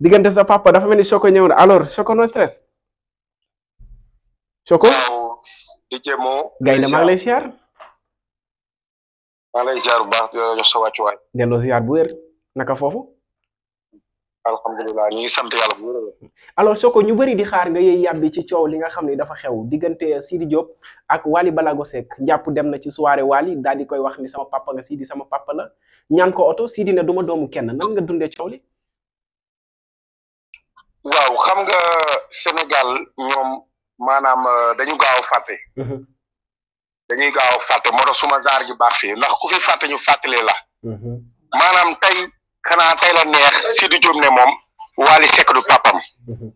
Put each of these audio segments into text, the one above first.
diggante sa papa dafa mel ni Choco ñëw na alors soko no stress soko Mo. gaynde maa ngi lay ziar. maa ngi bu baax di la jox sa wàccuwaay. delloo ziar bu wér naka foofu. alhamdulilah ñu ngi sant yàlla bu ñu bëri di xaar nga yey yàbbi ci coow li nga xam ne dafa xew diggante Sidi Diop ak Wally Balago sekk njàpp dem na ci soirée Wally daal di koy wax ni sama papa nga Sidi sama papa la ñaan ko oto Sidi ne duma doomu kenn nan nga dundee coow li. waaw xam nga Sénégal ñoom maanaam euh, dañu gaaw fàtte. Mhm. dañuy gaaw fàtte moo tax suma jaar gi baax fii ndax ku fi fàtte ñu fàttalee la. Mhm. maanaam tey xanaa tey la neex di Diop ne moom Waly Seck du papam mhm.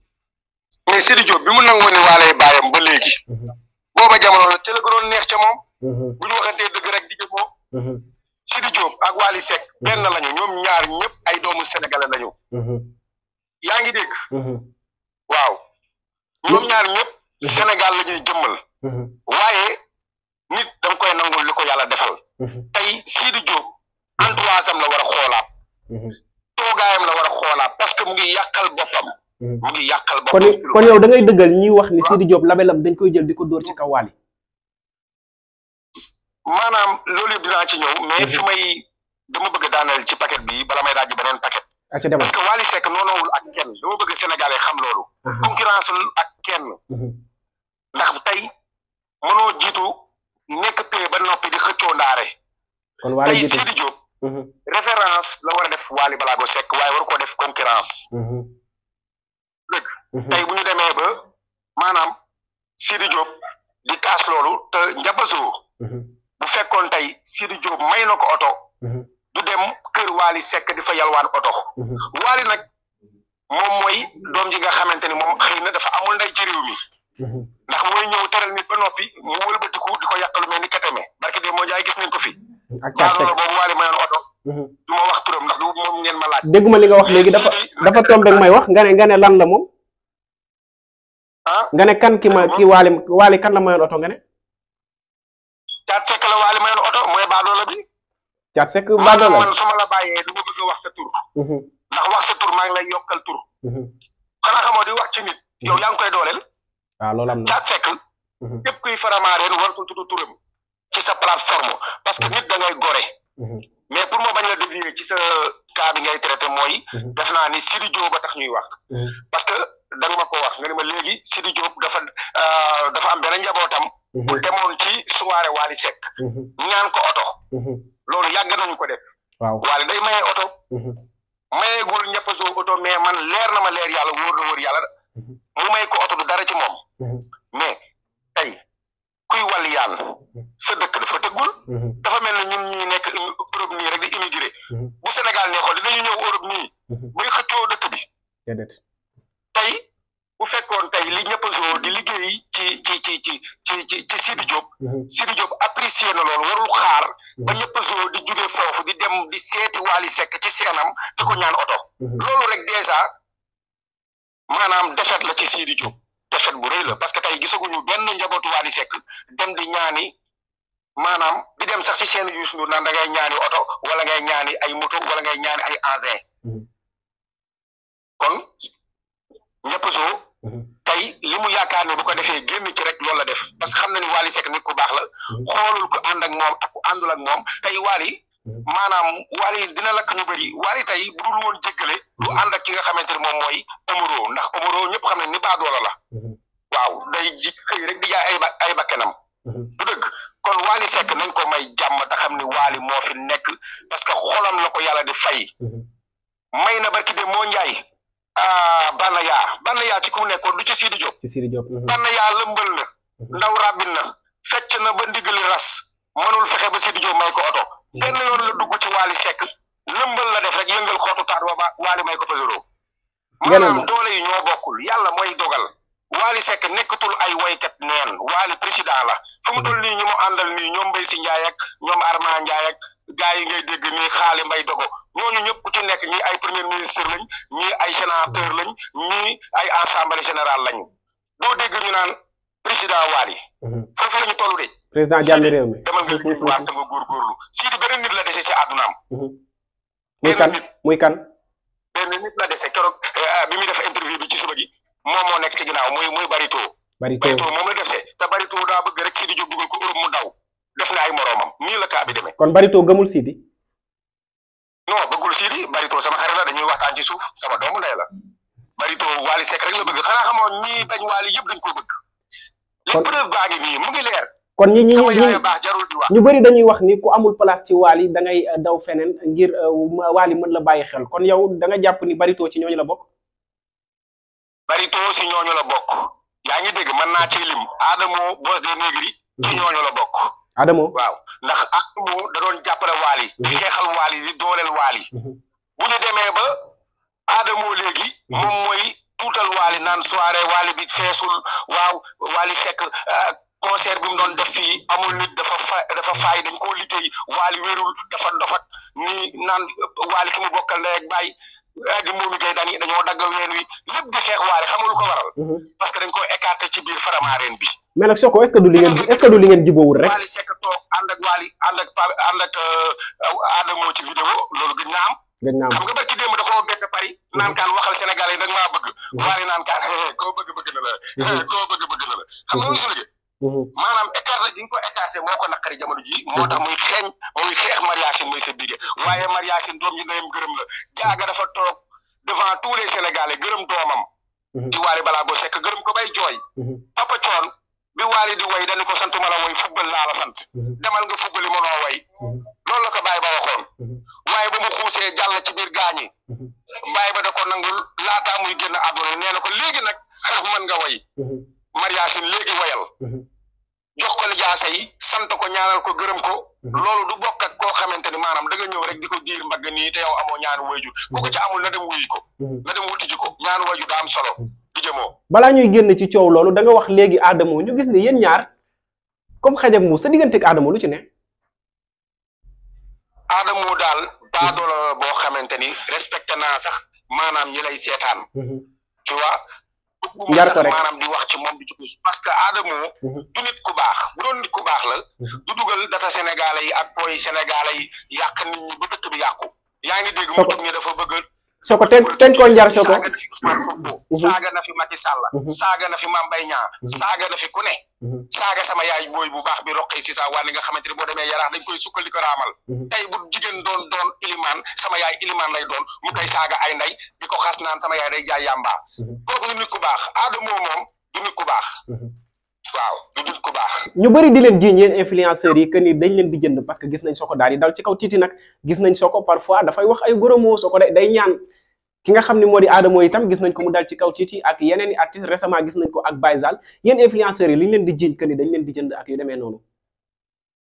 mais Sidi Diop bi mu nangoo ne waalee baayam ba léegi. booba jamono la ca la gënoon neex ca moom. bu ñu waxantee dëgg rek di jëmoo. Sidi Diop ak Waly Seck benn lañu ñoom ñaar ñëpp ay doomu sénégalais lañu. yaa ngi dégg. Mm-hmm. waaw ñoom mm-hmm. ñaar ñëpp Sénégal la ñuy jëmmal. Mm-hmm. waaye nit danga koy na li ko yàlla defal. tey Sidi Diop entourage am la war a xoolaat. toogaayam la war a xoolaat parce que mu ngi yàqal boppam. mu ngi yàqal boppam. kon kon yow da ngay dëggal ñuy wax ni Sidi Diop labelam dañ koy jël di ko dóor ci kaw Wally. maanaam loolu yëpp mais fi may dama bëgg daaneel ci paquet bi bala may daaj beneen paquet. ak ca sek parce que Wally Seck noonoowul ak kenn dama bëgg Sénégalais xam loolu. concurrence ak kenn. ndax tey mënoo jiitu nekk pay ba noppi di xëccoo ndaare. tey Sidi Diop. référence la war a def Wally Balago Seck waaye war ko def concurrence. dëgg tey bu ñu demee ba maanaam Sidi Diop di kaas loolu te njabasoo. bu fekkoon tey Sidi Diop may na ko oto. du dem kër Waly Seck di fa yalwaan oto mhm. Waly nag moom mooy doom ji nga xamante ni moom xëy na dafa amul nday ci réew mi mhm. ndax mooy ñëw teral nit ba noppi mu wëlbatiku di ko yàqalu mel ni katame barke de moo jaay gis nañ ko fi baadoola boobu Waly mayoon oto mhm. du ma wax turam ndax du moom ngeen ma laaj dégguma li wax léegi dafa dafa tombe ak may wax nga ne nga lan la moom ah nga ne kan ki ma ah, ki kan la mayoon oto nga ne caat sekk la Waly mayoon oto mooy Thiat Seck Badoo ah, la man su ma la du ma bëgg wax sa tur. Mhm. ndax wax sa tour maa ngi lay yokkal tur. Mhm. xanaa xamoo di wax ci nit. Mhm. yow yaa ngi koy doolel waaw ah, loolu am na Thiat Seck. képp kuy faramaareen waratul tudd turam ci sa plateforme parce que nit da ngay gore. mais pour moo bañ la dévier ci sa cas ngay traité mooy. def naa ni Sidi Diop a tax ñuy wax. parce que da nga ma ko wax nga ni ma léegi Sidi dafa dafa euh, dafa am benn njabootam. bu demoon ci soirée Wally Seck ñaan ko oto loolu yàgg nañu ko def waaw day maye oto mayeegul ñëpp a oto mais man leer na ma leer yàlla wóor na wóor yàlla mu may ko oto du dara ci moom mais tey kuy wàllu yàlla sa dëkk dafa tëggul dafa mel ne ñun ñi nekk Europe nii rek di immigré bu Sénégal ne xool dinañu ñëw Europe nii bay xëccoo dëkk bi tey bu fekkoon tey li ñëpp a di liggéey ci ci ci ci ci ci ci Sidi Diop. Mhm. Sidi Diop apprécié na loolu warul xaar. ba mhm. ñëpp a di jugee foofu di dem di seeti Wally sekk ci seenam di ko ñaan oto. Mhm. loolu rek dèjà maanaam defet la ci Sidi Diop defet bu rëy la parce que tey gisaguñu benn njabootu Wally sekk dem di ñaani maanaam di dem sax ci seen Youssou Ndour naan da ngay ñaani oto wala ngay ñaani ay moto wala ngay ñaani ay engin kon. ñëpp soo mhm. tey li mu yaakaar ne bu ko defee génn ci rek loolu la def parce que xam na ni Wally Seck nit ko baax la mhm. xoolul ko ànd moom ak ku àndul ak moom tey Wally mhm. maanaam Wally dina lakk ñu bëri Wally tey bu dul woon jéggale du ànd ak ki nga xamante ne moom mooy Omaro ndax Omaro ñëpp xam ne ni baadoola la waaw day ji xëy rek di jaay ay ay bakkanam bu dëgg kon Wally Seck nañ ko may jàmm te xam ne Wally moo fi nekk parce que xolam la ko yàlla di fay may na barki moo njaay Ah, Bana yaa Bana yaa ci ku mu nekkoon du ci Sidi Diop. ci Sidi Diop. Mhm. Bana yaa lëmbal na. Mhm. ndaw rabin na fecc na ba ndigali ras mënul fexe ba Sidi Diop may ko oto. Mhm. benn yoon la dugg ci Waly Seck lëmbal la def rek yëngal xootu taat ba Waly may ko pesero. maanaam doole yi ñoo bokkul yàlla mooy dogal. Waly sekk nekkatul ay woykat neen Waly président la fu mu nii ñu mu àndal nii ñoom Mbaye si Ndiaye ñoom Arma gaa yi ngay dégg nii xaali mbay dogo ñooñu ñëpp ku ci nekk ñii ay premier ministre lañ ñii ay sénateur lañ ñii ay assemblée général lañu doo dégg ñu naan président Wally mhm. foofu la ñu toll de président jàmmi réew mi demal nga liggéey waat nga la dese si àddunaam mhm. muy kan muy kan benn nit la dese keroog eh, bi muy def interview bi ci suba gi moom moo nekk ci ginnaaw muy muy Barito Barito moom la dese te Barito daa bëgg rek sii di jóg ko Europe mu daw def na ay moroomam nii la kaa bi kon Barito gëmul Sidi. non bëggul Sidi Barito sama xarit la dañuy waxtaan ci suuf sama doomu ndey la Barito Wally Seck rek la bëgg xanaa xamoon ñii bañ Wally yëpp dañ ko bëgg. kon li ngi nii mu ngi leer. kon ñi ñu bëri dañuy wax ni ku amul place ci Wally da ngay uh, daw feneen ngir uh, Wally mën la bàyyi xel kon yow da nga jàpp ni Barito ci ñooñu la bokk. Barito ci ñooñu la bokk yaa ngi dégg mën naa ci lim Adamo Bos de Negri ci mm-hmm. ñooñu la bokk. Adamo waaw ndax Adamo da doon jàppale waal yi di mhm. xeexal waal yi di dooleel waal yi mhm. bu ñu demee ba Adamo léegi mhm. moom mooy tuutal waali naan soirée waali bi feesul waaw waali sekk euh, concert bi mu doon def fii amul nit dafa fa dafa faay dañ koo liggéey waali wérul dafa dofat nii naan waali ki mu bokkal ndey ak baay Eh, di moomi gay dani dañoo dagg ween wi lépp di xeex waale xamalu ko waral mhm. parce que dañ ko écarté ci biir faramaareen bi mais nag Soko est-ce que du li ngeen est rek Wally Seck toog ànd ak Wally ànd ak pa ànd ak euh, Adamo ci vidéo am gën naa xam nga barki démb da koo bett Paris mhm. naan kaan waxal Sénégalais yi da nga maa bëgg mhm. Wally naan kaan koo bëgg bëgg na la koo bëgg bëgg Mhm. maanaam écarté gi nga ko écarté moo ko naqari jamono ji moo tax muy xeeñ muy xeex mariasin mooy sa bige waaye mariasin doom ji ndeyam gërëm la jaaga dafa toog devant tous les sénégalais gërëm doomam mhm. di waali balaa go sekk gërëm ko bay jooy mhm. papa coon bi waali di way dañu ko sant ma la way fubal laa la sant demal nga fubali mënoo way loolu la ko bàyyi ba waxoon waaye ba mu xuusee jàll ci biir gaañi bàyyi ba da ko nangul laataa muy génn àdduna nee na ko léegi ko gërëm ko. Mhm. loolu du bokk ak koo xamante ni maanaam da nga ñëw rek di ko diir mbagg nii te yow amoo ñaanu wayjur ku ko ci mhm. amu na dem wuyu ko. Mhm. na dem wuti ji ko ñaanu wayjur daa am solo. di jëmoo balaa ñuy génn ci coow loolu danga wax léegi Adamo ñu gis ni yéen ñaar comme xaj ak muus sa teg Adamo lu ci ne. Adamo daal baadoolo boo xamante ni respecté naa sax maanaam ñi lay seetaan. tu njar ko rek maanaam di wax ci moom di jóge parce que Adamo mhm. du nit ku baax bu doon ku baax la mhm. du dugal data sénégalais yi ak koy sénégalais yi yàq nit ba dëkk bi yàqu yaa ngi dégg mu toog ni dafa bëgg soko ten ten ko njar soko saaga na fi Ousmane Sonko mhm. saaga na fi Macky Sall mhm. saaga na fi Mame Mbaye Niang mhm. saaga na fi ku ne saaga sama yaay booy bu baax bi roqi si saa wàll nga xamante ne boo demee yaraax dañ koy sukkal di ko raamal tey bu jigéen doon doon ilimaan sama yaay ilimaan lay doon mu koy saaga ay nday di ko xas naan sama yaay day jaay yàmbaa kooku du nit ku baax aada moo moom du nit ku baax waaw ñu bëri di leen jiiñ yéen influenceurs yi que ni dañ leen di jënd parce que gis nañ Soko daal di dal ci kaw Titi nag gis nañ Soko parfois dafay wax ay gros mots Soko day ñaan ki nga xam ne moo di Adamo itam gis nañ ko mu dal ci kaw Titi ak yeneen i artistes récemment gis nañ ko ak Baye Zal yéen influenceurs yi liñ leen di jiiñ que ni dañ leen di jënd ak yu demee noonu.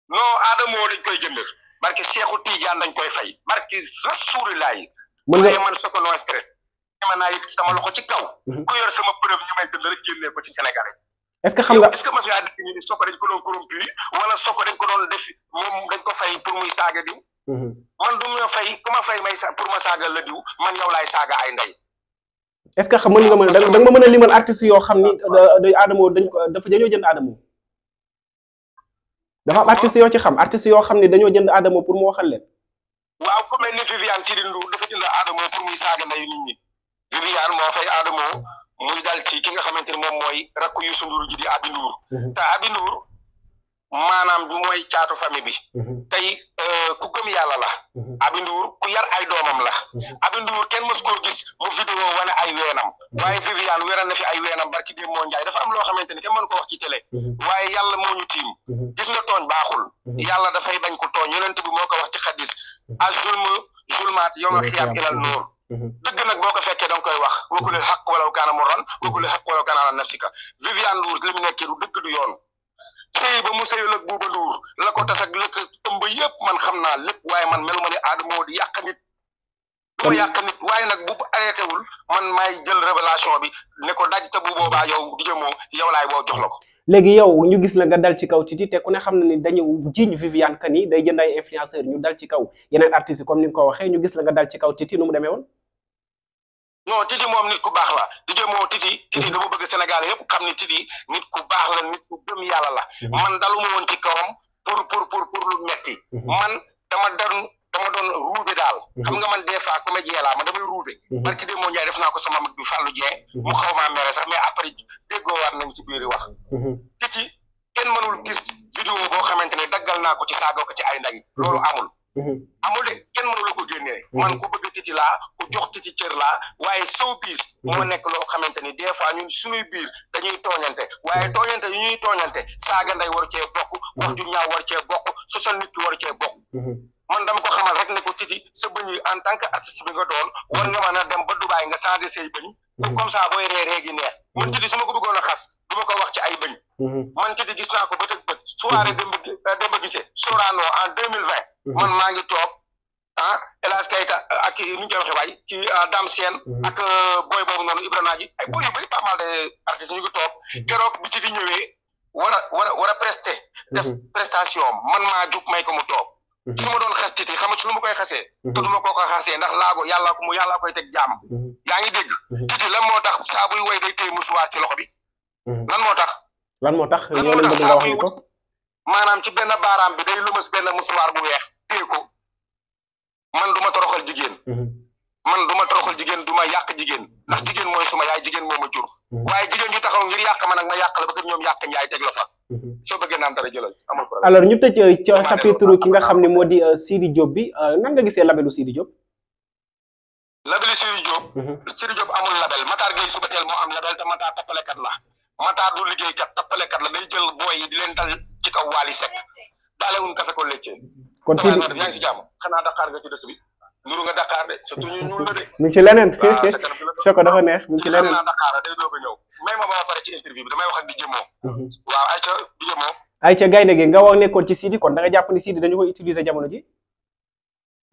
non Adamo dañ koy jënd barke Cheikhou Tidiane dañ koy fay barke Rasulullah yi. mën nga man Soko no naa yëg sama ci kaw. Mhm. ku yor sama ci Sénégalais est-ce que xam nga est-ce que mas ngaa dégg ñu ko doon corrompu wala Sokone dañ ko doon def moom dañ ko fay pour muy saaga diw. Mhm. man du fay ku ma fay may sa pour ma saaga la diw man yow laay saaga ay ndey. est que xam mën nga ma da nga ma mën a limal artiste yoo xam ni ah, dañ o dañ ko dafa dañoo jënd Adamo. dafa am ah. artiste yoo ci xam artiste yoo xam ni dañoo jënd Adamo pour mu waxal leen. waaw ku mel ni Viviane Chidindu dafa jënd Adamo pour muy saaga ndeyu nit ñi Viviane moo fay Adamo. muy daal ci ki nga xamante ni moom mooy rakku Youssou Ndour ji di Aby Ndour mhm. te Aby maanaam mooy caatu famille bi mhm. tey euh, ku gëm yàlla la mhm. Aby Ndour ku yar ay doomam la Aby Ndour kenn mës koo gis mu vidéo wane ay weenam waaye Viviane fi ay weenam barki di moo njaay dafa am loo xamante ni kenn mën ko wax ci télé waaye yàlla moo ñu tiim gis nga tooñ baaxul yàlla dafay bañ ko tooñ yonent bi moo ko wax ci xadis a zulm zulmaat yow nga xiyaam ilal noor Mhm. dëgg nag boo ko fekkee da nga koy wax mhm. wakulil xaq walaw kaana murran wakulil xaq walaw kaana na nafsika Viviane Ndour li mu nekkee du dëgg du yoon sëy ba mu sëyul ak Bouba Ndour la ko tas ak lëkk ëmb yëpp man xam naa lépp waaye man melu ma ne aadama moo di yàq nit duma yàq nit waaye nag bu arrêté wul man maay jël révélation bi ne ko daj te bu boobaa yow di jëmoo yow laay boo jox la ko léegi yow ñu gis la nga dal ci kaw Titi te ku ne xam na ni dañu jiiñ Viviane ci kaw ci kaw Titi nu non Titi moom nit ku baax la DJ moo Titi Titi dama bëgg Sénégal yëpp xam ne Titi nit ku baax la nit ku gëm yàlla la mhm. man daluma woon ci kawam pour pour pour pour lu metti mhm. man dama doon dama doon ruube daal mhm. xam nga man des fois comédien laa ma damay ruube barki de moo a def naa ko sama mag bi Fallou mu xaw maa sax mais après déggoo waat nañ ci biir wax Titi kenn mënul gis vidéo boo xamante ne daggal naa ko ci saagoo ko ci ay ndañ loolu amul Mhm. amul de kenn mënu la ko génnee. Mhm. man ku bëgg titi laa ku jox titi cër laa waaye sow biis mhm. moo nekk loo xamante ni des fois ñun suñuy biir dañuy tooñante waaye tooñante yu ñuy tooñante saaga nday war cee bokk wax ju ñaaw war cee bokk sosal nit ki war cee bokk man dama ko xamal rek ne ko titi sa bëñ yi en tant que artiste bi nga doon war nga mën dem ba Dubaay nga changé say bëñ comme ça booy ree ree gi neex man titi su ma ko bëggoon a xas du ma ko wax ci ay bëñ man titi gis naa ko ba tëg bët soirée Demba euh, Demba Guissé Mhm. man maa ngi toog ah El Hadj eh, ak kii nu ñu koy waay kii eh, Dame Sène mhm. ak eh, booy bo noonu Ibrahima Naaji ay booy yu bëri pas mal de artistes ñu ngi toog mhm. keroog bi ci di ñëwee war a war a war a prestation man maa jug may ko mu toog su doon xas titi xam nga su ma koy xasee te du ma koo ko xasee ndax laago yàllaa ko mu yàllaa koy teg jaam yaa ngi dégg titi lan moo tax saa buy way day téye musuwaar ci loxo bi lan moo tax lan moo tax ñoo leen maanaam ci benn baaraam bi day lumas benn musuwaar bu weex téye ko man du ma toroxal jigéen. Mhm. man du ma toroxal jigéen du ma yàq jigéen ndax mhm. jigéen mooy suma yaay jigéen moo ma jur. Mhm. waaye jigéen ju taxaw ngir yàq ma nag ma yàq la ba kat ñoom yàq yaay teg la fa. soo bëggee naan dara jëlal amul problème. alors ñu tëj euh, ci ki nga xam ne moo di euh, Sidi Diop bi euh, nan nga gisee labelu Sidi Diop. labelu Sidi Diop. Sidi Diop amul label Matar Gueye suba teel moo am label te Matar tappalekat la Matar du liggéeykat tappalekat la day jël booy yi di leen dal ci kaw Wally Seck daale wuñ kafe ko kon fii bi yaa ngi si jàmm xanaa Dakar nga ci dëkk bi nuru nga Dakar de surtout ñu ñuul la de. mi ngi ci leneen Choco dafa neex mi ngi a ma pare ci interview bi damay wax ak mhm. gaynde gi nga wax nekkoon ci Sidi kon da nga jàpp ni Sidi dañu koy utiliser jamono ji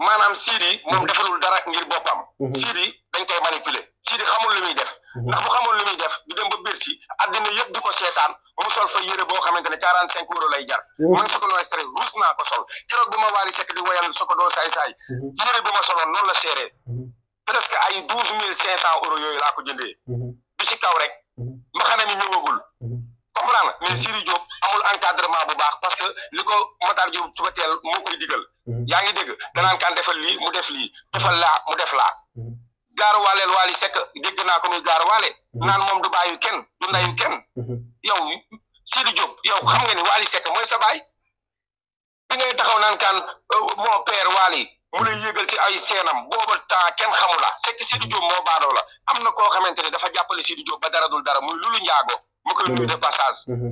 maanaam Sidi moom mhm. defalul dara ngir boppam mhm. Sidi dañ koy manipuler Sidi xamul lu def ndax xamul Bercy àddina yëpp di ko seetaan mu sol fa yére boo xamante ne quarante cinq euros lay jar mm-hmm. man su ko nooy sere ruus ko sol keroog bi ma waali di woyal su ko doo saay-saay mm-hmm. yére bi ma soloon la seeree mm-hmm. presque ay douze mille cinq cent euros yooyu ko jëndee bi ci kaw rek ma xam ne ñëwagul comprendre mais Siri Diop amul encadrement bu baax parce que li ko Matar Diop suba teel moo koy digal yaa ngi dégg kan defal lii mu def defal laa mu def gaara waaleel Wally Seck dégg naa ko muy gaara waale mhm. naan moom du baayu kenn du ndayu kenn mhm. yow Sidi Diop yow xam nga ni Wally Seck mooy sa baay bi ngay taxaw naan kaan euh, mon père Wally mu lay yëgal ci ay seenam booba temps kenn xamula Seck Sidi Diop moo la am na koo xamante ne dafa jàppale Sidi Diop ba dara dul dara muy lulu njaago mu koy nuyu de passage mhm.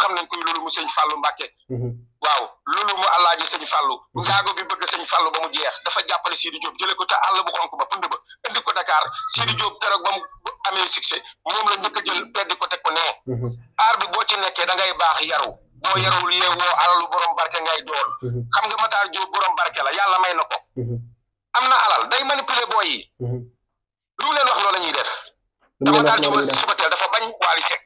xam nañ koy loolu mu sëñ Fallou Mbacke mhm. waaw loolu mu sëñ Fallou mhm. ngaago bëgg sëñ Fallou ba mu jeex dafa jàppale Sidi Diop jëlee ko te àll bu xonk ba pënd ba indi ko Dakar Sidi Diop keroog ba mu amee moom la njëkk a ko teg ko nee aar bi boo ci nekkee da ngay baax yaru boo yarawul yeewoo alalu borom barke ngay doon xam nga Matar Diop borom barke la yàlla may na ko am na alal day manipuler booy yi lu mu leen wax loolu la ñuy def te Matar Diop suba teel dafa bañ Wally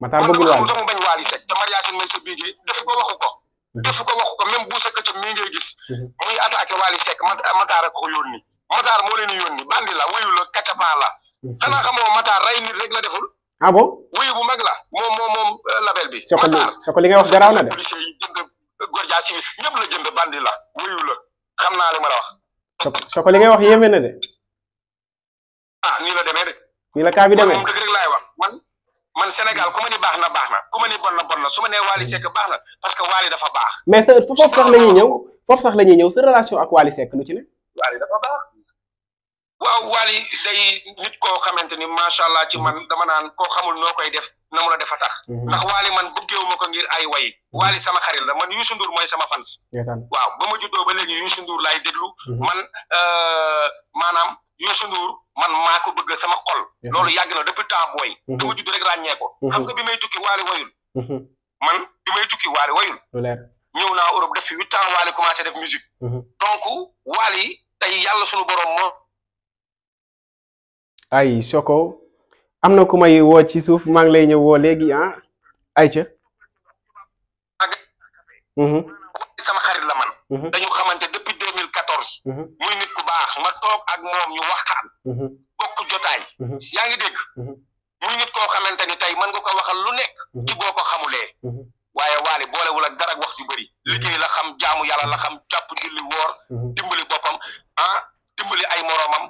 Matar bëggul waali dama bañ waali sek te mariage may sa biige def ko waxu ko mhm. def ko waxu ko même bu sekkatam mii ngay gis mhm. muy attaqué waali sek Matar a ko yónni Matar moo leen yónni bandi la wuyu la kacapaa la mhm. xanaa xamoo Matar rey nit rek la deful ah bon wuyu bu mag la moom moom moom euh, label bi Matar soko li ngay wax garaaw na de policier yi jënd gorjaa si ñëpp la jënd bandi la wuyu la xam naa li ma la wax soko li ngay wax yéeme na de ah nii la de nii la bi demee moom laay wax man Sénégal ku ma baax na baax na ku ma ni bon na bon na su ma nee Wally Seck baax na parce que Wally dafa baax. mais sa foofu sax la ñuy ñëw foofu sax la ñuy ñëw sa relation ak Wally Seck lu ci ne. Wally dafa baax waaw Wally day nit koo xamante ni macha allah ci man dama naan koo xamul noo koy def na mu la dafa tax. Mhm. ndax Wally man bëggeewu ma ko ngir ay way mhm. Wally sama xarit la man Youssou Ndour mooy sama fans. waaw ba ma juddoo ba léegi Youssou Ndour laay déglu. Mhm. man euh, maanaam. Youssou Ndour man maa ko bëgg sama xol. loolu yàgg na depuis temps booy. Mhm. dama judd rek ràññee ko. Mhm. xam nga bi may tukki waale wayul. Mhm. man bi may tukki waale wayul. ñëw naa Europe def fi huit ans waale commencé def musique. donc waal yi tey yàlla sunu borom moo. na ku may woo ci suuf maa lay ñëw léegi ah ayca. sama la ak moom ñu waxtaan mhm. bokk jotaay mhm. yaa ngi dégg mhm. muy ko koo xamante ni tey mën nga ko waxal lu nekk ci boo ko xamulee waaye waali boolewul ak dara wax ju bëri liggéey la xam jaamu yàlla la xam jàpp julli woor dimbali boppam ah dimbali ay moroomam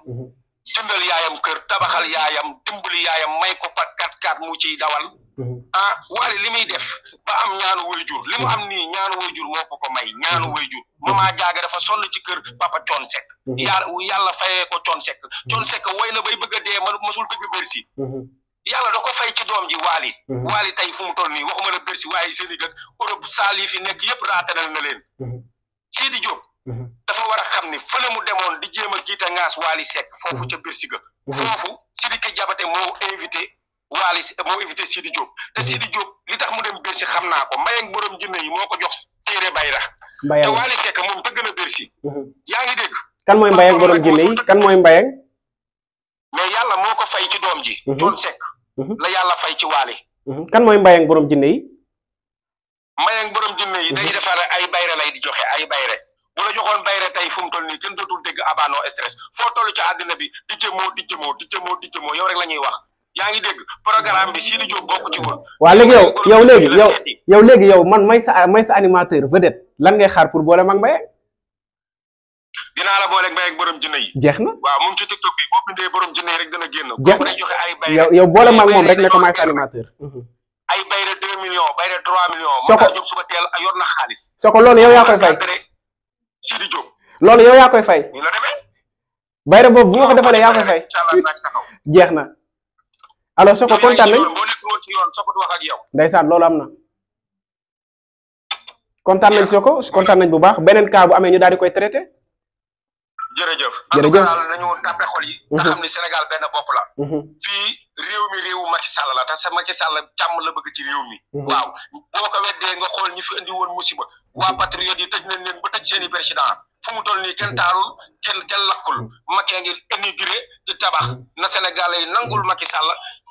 jëndal yaayam kër tabaxal yaayam dimbali yaayam may ko pat ak mu ciy dawal mhm. ah waale li muy def ba am ñaanu wayjur li mu am nii ñaanu wayjur moo ko ko may ñaanu mhm. wayjur mama jaaga dafa sonn ci kër papa Thione Seck mhm. yàlla yàlla fayee ko Thione Seck Thione Seck woy na bay bëgg a dee ma masul dëgg bërsi yala da ko fay ci doom ji waali waali tey fu mu toll nii waxuma la bërsi waaye Sénégal Europe saal yi fi nekk yëpp raatanal na leen Sidi Diop dafa war a xam ni fële mu demoon di jéem a jiite ngaas waali Seck foofu ca bërsi ga foofu Sidiki Diabaté moo Waly moo invité Sidi Diop te mhm. Sidi Diop li tax mu dem Bercy xam naa ko Mbayang borom jinne yi moo ko jox téere Bayra. Mbayang te Waly Seck moom dëgg na Bercy. Mhm. yaa ngi dégg. kan mooy Mbayang borom jinne yi kan mooy Mbayang. mais yàlla moo ko fay ci doom ji. Thione mhm. Seck. la yàlla fay ci Waly. kan mooy Mbayang borom jinne yi. Mbayang borom jinne yi. day defar ay bayre lay di joxe ay bayre bu la joxoon bayre tey fu toll nii kenn dootul dégg abano stress foo toll ci àddina bi di jëmoo di jëmoo di di jëmoo yow rek la ñuy wax. yaa ngi dégg léegi yow yow léegi yow man may sa may sa animateur ba lan ngay xaar pour boole mag Mbaye. dinaa la borom jinne yi. jeex na waaw moom ci TikTok bi boo bindee boole mag moom rek ne mhm. ko may sa animateur. ay bay de 2 millions bay de 3 koy fay. Sidi Diop. loolu koy fay. ñu de boobu bu ma ko defalee koy fay. jeex na. alors soo ko kontaan nañ ndeysaan loolu am na kontaan nañ soo ko kontaan nañ bu baax beneen ka bu amee ñu daal koy traité. jërëjëf jërëjëf daal nañu tàppe xol yi. Mhm. nga xam ni Sénégal benn bopp la. Mhm. fii réew mi réewu Macky Sall la te sa Macky Sall la bëgg ci réew mi. Mhm. waaw boo ko weddee nga xool ñi fi indi woon musiba waa patriote yi tëj nañ leen ba tëj seen i président fu mu toll nii kenn taalul kenn lakkul Macky a ngi di tabax na Sénégalais yi nangul Macky Sall.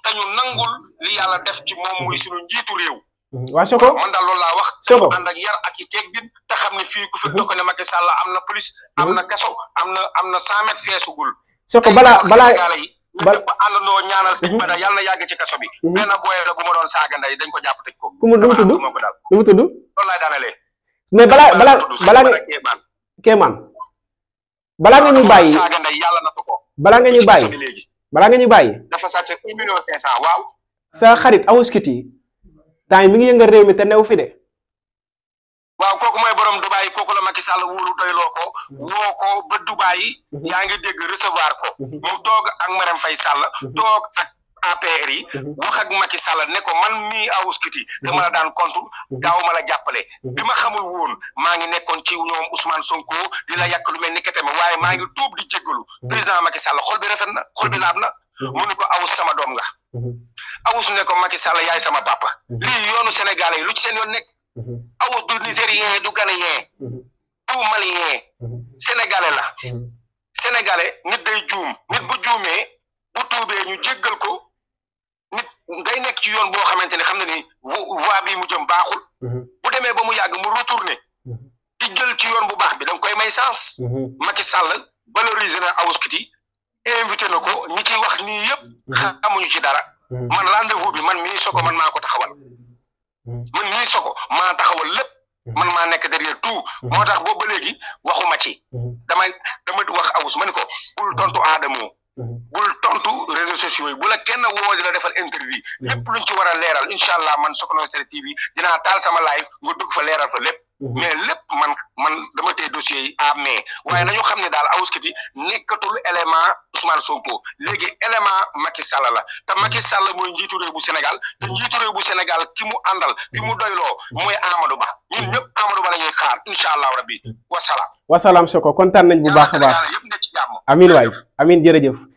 te ñu nangul li yàlla def ci mom muy suñu njiitu réew. Mhm. waa Choco man daal loolu laa wax. Choco ànd ak yar ak i teggin te xam ne ma ku fi mhm. am na police mhm. am na kaso am na am na cent mètres feesugul. Choco balaa balaa bal ba àndandoo ñaanal sëñ Bada yàlla na yàgg ci kaso bi. benn ma doon saaga dañ ko jàpp tëj ko. ku mu nu mu tudd nu mu tudd. loolu laay daanalee. mais balaa balaa balaa nga Kéemaan yàlla na ko ko. balaa nga ñu bàyyi balaa nga ñu fa sàcc un million sa xarit awuskit yi temps yi mi ngi yëngal réew mi te new fi de. waaw kooku mooy borom Dubaay kooku la Macky Sall wóolu doyloo ko woo ko ba Dubaay mhm. yaa ngi dégg recevoir ko mhm. mu toog ak Marème fay Sall mhm. toog ak APR yi wax ak Macky Sall ne ko man mii awuskiti dama la daan compte daaw ma la jàppale bi ma xamul woon maa ngi nekkoon ci ñoom Ousmane Sonko di la yàq lu mel ni keteme waaye maa ngi tuub di jéggalu président Macky Sall xol bi rafet na xol bi laab na Mhm. mu ne ko awus sama doom la mhm. awus ne ko Macky Sall yaay sama papa. Mhm. lii yoonu Sénégalais yi lu ci seen yoon nekk. awus du Nigérien du Ghanéen. du Malien. Sénégalais la. Sénégalais nit day juum nit bu juumee bu tuubee ñu jëggal ko nit day nekk ci yoon boo xamante ne xam na ni voie bii mu jëm baaxul. bu demee ba mu yàgg mu retourné. di jël ci yoon bu baax bi da koy may sens. Macky Sall valoriser na awuskiti invité na ko ñi ciy wax nii yëpp mhm. xamuñu ci dara mhm. man rendez-vous bi man mii soko man maa ko taxawal mhm. man mii soko maa taxawal lépp man maa nekk derrière tout moo tax boobu ba léegi waxuma ci dama dama wax awus ma ni ko bul tontu aadamoo bul tontu réseaux sociaux yi bu la kenn woo di la defal interview lépp luñ ci war a leeral incha allah man Soxna Westere TV dinaa taal sama live nga dugg fa leeral fa lépp Mhm. mais lépp man man dama téye dossier yi à ah, mai waaye mhm. xam ne daal awuskati nekkatul élément Ousmane Sonko léegi élément Macky Sall la te Macky Sall mooy njiitu réew bu Sénégal te mhm. njiitu bu Sénégal ki mu àndal ki mu doyloo mooy Amadou Ba ñun ñëpp Amadou Ba la ñuy xaar incha allahu rabbi wasalaam. wasalaam Soko kontaan nañ bu baax a baax. amiin waay amiin jërëjëf.